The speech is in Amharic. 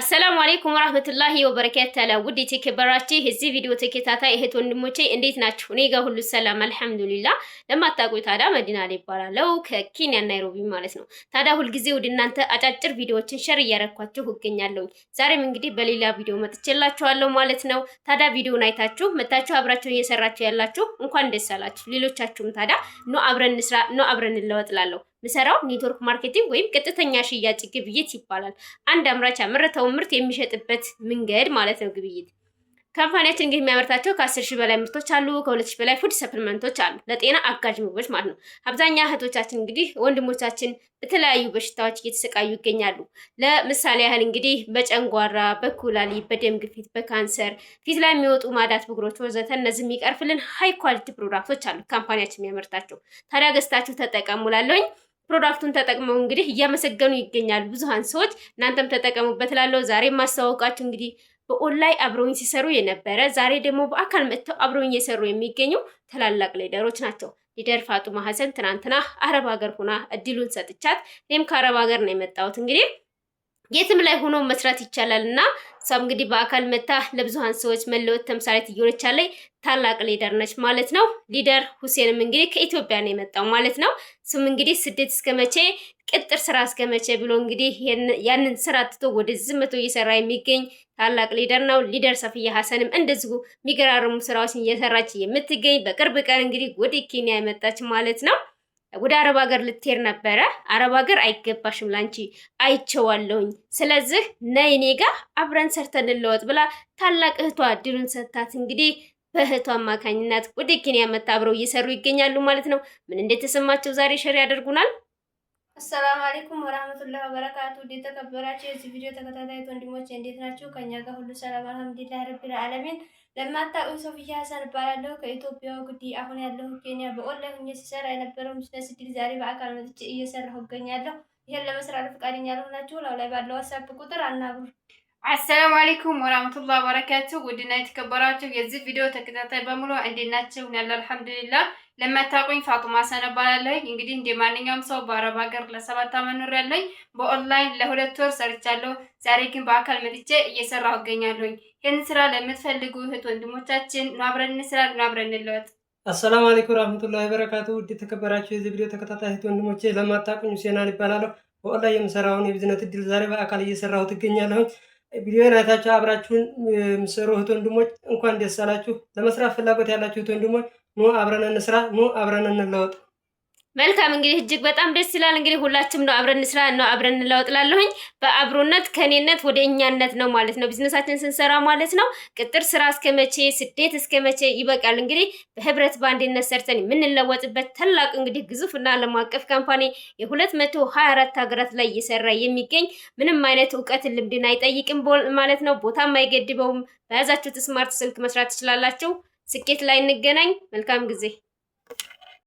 አሰላሙ አሌይኩም ወራህመቱላሂ ወበረካቱሁ ውድ የተከበራችሁ እዚህ ቪዲዮ ተከታታይ እህት ወንድሞቼ እንዴት ናችሁ? እኔ ጋር ሁሉ ሰላም አልሐምዱሊላ። ለማታውቁኝ ታዲያ መዲና ላይ ይባላለው ከኬንያ ናይሮቢ ማለት ነው። ታዲያ ሁልጊዜ ወደ እናንተ አጫጭር ቪዲዮዎችን ሸር እያረኳችሁ እገኛለሁ። ዛሬም እንግዲህ በሌላ ቪዲዮ መጥቼላችኋለሁ ማለት ነው። ታዲያ ቪዲዮን አይታችሁ መታችሁ አብራችሁን እየሰራችሁ ያላችሁ እንኳን ደስ አላችሁ። ሌሎቻችሁም ታዲያ ኖ አብረን እንስራ፣ ኖ አብረን እንለወጥላለሁ ምሰራው ኔትወርክ ማርኬቲንግ ወይም ቀጥተኛ ሽያጭ ግብይት ይባላል። አንድ አምራች ያመረተውን ምርት የሚሸጥበት መንገድ ማለት ነው ግብይት። ካምፓኒያችን እንግዲህ የሚያመርታቸው ከአስር ሺህ በላይ ምርቶች አሉ። ከሁለት ሺህ በላይ ፉድ ሰፕልመንቶች አሉ፣ ለጤና አጋዥ ምግቦች ማለት ነው። አብዛኛ እህቶቻችን እንግዲህ ወንድሞቻችን በተለያዩ በሽታዎች እየተሰቃዩ ይገኛሉ። ለምሳሌ ያህል እንግዲህ በጨንጓራ፣ በኩላሊ፣ በደም ግፊት፣ በካንሰር፣ ፊት ላይ የሚወጡ ማዳት፣ ብጉሮች ወዘተ እነዚህ የሚቀርፍልን ሀይ ኳሊቲ ፕሮዳክቶች አሉ ካምፓኒያችን የሚያመርታቸው። ታዲያ ገዝታችሁ ተጠቀሙላለኝ። ፕሮዳክቱን ተጠቅመው እንግዲህ እያመሰገኑ ይገኛሉ ብዙሀን ሰዎች። እናንተም ተጠቀሙበት ላለው ዛሬ ማስተዋወቃችሁ እንግዲህ በኦንላይን አብረውኝ ሲሰሩ የነበረ ዛሬ ደግሞ በአካል መጥተው አብረውኝ የሰሩ የሚገኙ ታላላቅ ሊደሮች ናቸው። ሊደር ፋጡማ ሀሰን ትናንትና አረብ ሀገር ሆና እድሉን ሰጥቻት እኔም ከአረብ ሀገር ነው የመጣሁት እንግዲህ የትም ላይ ሆኖ መስራት ይቻላል እና እሷም እንግዲህ በአካል መታ ለብዙሀን ሰዎች መለወጥ ተምሳሌት እየሆነች ያለች ታላቅ ሊደር ነች ማለት ነው። ሊደር ሁሴንም እንግዲህ ከኢትዮጵያ ነው የመጣው ማለት ነው። እሱም እንግዲህ ስደት እስከ መቼ ቅጥር ስራ እስከ መቼ ብሎ እንግዲህ ያንን ስራ ትቶ ወደ ዝመቶ እየሰራ የሚገኝ ታላቅ ሊደር ነው። ሊደር ሰፍያ ሀሰንም እንደዚሁ የሚገራርሙ ስራዎችን እየሰራች የምትገኝ በቅርብ ቀን እንግዲህ ወደ ኬንያ የመጣች ማለት ነው። ወደ አረብ ሀገር ልትሄድ ነበረ። አረብ ሀገር አይገባሽም ላንቺ አይቸዋለሁኝ ስለዚህ ነይ እኔ ጋ አብረን ሰርተን እንለወጥ ብላ ታላቅ እህቷ ድሉን ሰጥታት እንግዲህ በእህቷ አማካኝነት ወደ ኬንያ መታ አብረው እየሰሩ ይገኛሉ ማለት ነው። ምን እንደተሰማቸው ዛሬ ሸር ያደርጉናል። አሰላሙ አለይኩም ወራህመቱላሂ ወበረካቱ። የተከበራችሁ የዚህ ቪዲዮ ተከታታይ ወንድሞች እንዴት ናችሁ? ከኛ ጋር ሁሉ ሰላም አልሐምዱሊላህ ረቢል አለሚን ለማታውቁ ሶፊያ ሀሰን እባላለሁ ከኢትዮጵያ ጉዲ። አሁን ያለሁ ኬንያ በኦንላይን ሆኜ ሲሰራ የነበረው ምስለ ስድል ዛሬ በአካል መጥቼ እየሰራሁ እገኛለሁ። ይሄን ለመስራት ፈቃደኛ ለሆናችሁ ላው ላይ ባለው ሀሳብ ቁጥር አናግሩ። አሰላሙ አሌይኩም ወራህመቱላህ በረካቱሁ ውድና የተከበራችሁ የዚህ ቪዲዮ ተከታታይ በሙሉ እንዴት ናችሁ? ያለ አልሐምዱሊላህ። ለማታውቁኝ ፋጡማ ሰነ እንግዲህ እንደ ማንኛውም ሰው በአረብ ሀገር ለሰባት ዓመት ኖሬያለሁ። በኦንላይን ለሁለት ወር ሰርቻለሁ። ዛሬ ግን በአካል መጥቼ እየሰራሁ እገኛለሁ። ይህን ስራ ለምትፈልጉ እህት ወንድሞቻችን አብረን እንስራ፣ አብረን እንለወጥ። አሰላሙ አሌይኩም ወራህመቱላህ በረካቱሁ ውድ የተከበራችሁ የዚህ ቪዲዮ ተከታታይ እህት ወንድሞቼ፣ ለማታውቁኝ ሁሴናን እባላለሁ። በኦንላይን የምሰራውን የቢዝነስ እድል ዛሬ በአካል እየሰራሁ ትገኛለሁ። ቪዲዮ ናታችሁ አብራችሁን የምሰሩ እህት ወንድሞች እንኳን ደስ አላችሁ። ለመስራት ፍላጎት ያላችሁ እህት ወንድሞች ኑ አብረን እንስራ፣ ኑ አብረን እንለወጥ። መልካም እንግዲህ እጅግ በጣም ደስ ይላል። እንግዲህ ሁላችንም ነው አብረን ስራ ነው አብረን እንለውጥላለሁኝ። በአብሮነት ከኔነት ወደ እኛነት ነው ማለት ነው ቢዝነሳችን ስንሰራ ማለት ነው። ቅጥር ስራ እስከ መቼ፣ ስደት እስከ መቼ ይበቃል? እንግዲህ በህብረት በአንድነት ሰርተን የምንለወጥበት ታላቅ እንግዲህ ግዙፍና ዓለም አቀፍ ካምፓኒ የ224 ሀገራት ላይ እየሰራ የሚገኝ ምንም አይነት እውቀትን ልምድን አይጠይቅም ማለት ነው። ቦታም አይገድበውም። በያዛችሁት ስማርት ስልክ መስራት ትችላላችሁ። ስኬት ላይ እንገናኝ። መልካም ጊዜ